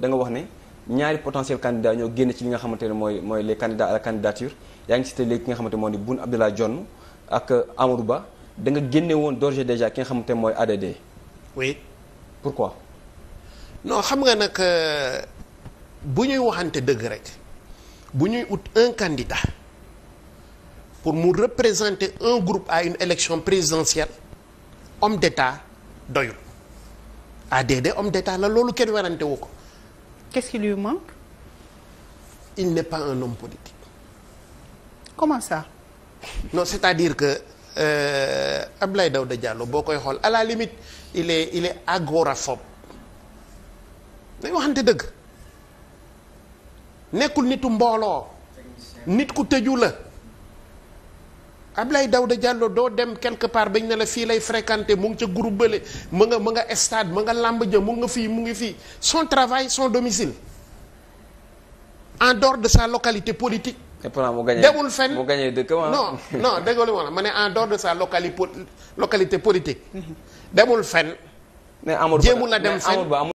da nga wax ne ñaari potentiel candidat ñoo génn ci li nga xamante ne mooy mooy les candidats à la candidature yaa ngi cité léegi ki nga xamante moo di Boun Abdallah Dionne ak euh, Amadou Ba da nga génne woon d'ores et ki nga xamante mooy ADD. oui. pourquoi. non xam nga nag euh, bu ñuy waxante dëgg rek bu ñuy ut un candidat pour mu représenter un groupe à une élection présidentielle homme d'état doyul ADD homme d'état la loolu kenn werante wu ko. qu'est-ce qui lui manque il n'est pas un homme politique comment ça non c'est-à-dire que euh, Abdoulaye Daouda Diallo boo koy xool à la il est il est agoraphobe dañ waxante dëgg nekkul nitu mbooloo nit ku tëju la daw Daouda Diallo doo dem quelque part bañ ne la fii lay fréquenter mu ngi ca groupe bële mu nga mu nga stade mu nga làmb ja mu nga fii mu ngi fii son travail son domicile en dehors de sa localité politique. et pourtant mu gagné demul fenn mu gagné dëkk déggoo li ma la ma ne en dehors de sa localité localité politique. demul fenn. jéemu la dem fenn